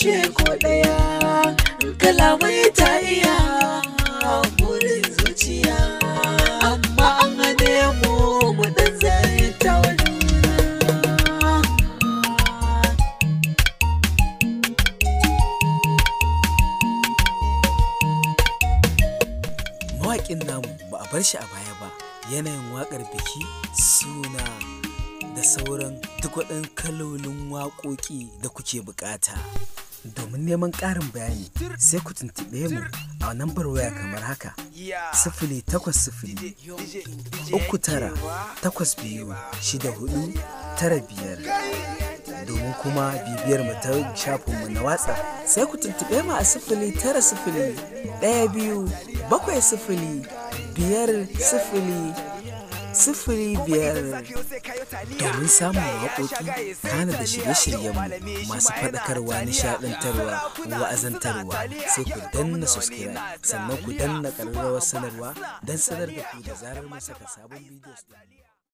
ce ko ɗaya kalamai ta iya burin zuciya amma an hane mu mu dan zai ta Mawaƙin namu ba a bar shi a baya ba yanayin waƙar biki suna da sauran duk kalolin waƙoƙi da kuke buƙata. Domin neman ƙarin bayani sai ku tuntuɓe mu a nambar waya kamar haka. Sifili takwas sifili uku tara takwas biyu shida hudu tara biyar. Domin kuma bibiyar ta shafinmu na watsa sai ku tuntuɓe mu a sifili tara sifili ɗaya biyu bakwai sifili biyar sifili sifili biyar domin samun waƙoƙi kana da shirye-shiryenmu masu faɗakarwa nishaɗantarwa wa'azantarwa sai ku danna subscribe sannan ku danna ƙararrawar sanarwa don sanar da ku da zarar mun saka sabon bidiyo